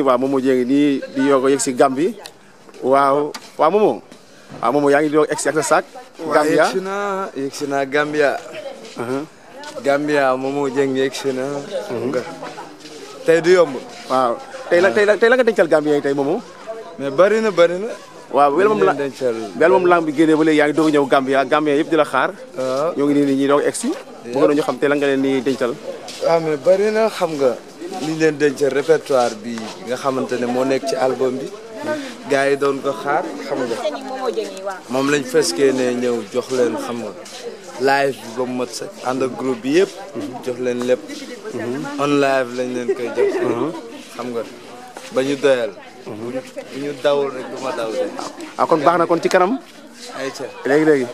wa Momo Dieng nii di yoog a gambi si Gambie waaw wa Momo wa Momo yaa di doog egg ak Gambia yeksina si Gambia Gambia Momo jeng yeksina si na tey du yomb waaw tay la tay la tay la nga dencal Gambia tay Momo mais bari na bari na waaw wel mom la bel mom lang bi gene ba léegi do ñew Gambia Gambia yëpp di la xaar ñu ngi ni ñi do doog egg si bëgg nañu xam tay la nga len ni dencal ah mais bari na xam nga liñ leen denc répertoire bi nga xamante ne moo nekk ci album bi gars yi doon ko xaar xam nga moom lañ feskee ne ñëw jox leen xam nga live bi ba mot sax ànd ak groupe bi yëpp jox leen lépp on lañ leen koy jox xam nga ba ñu doyal bu ñu dawul rek du daw de ah kon baax na kon ci kanam ay ca léegi léegi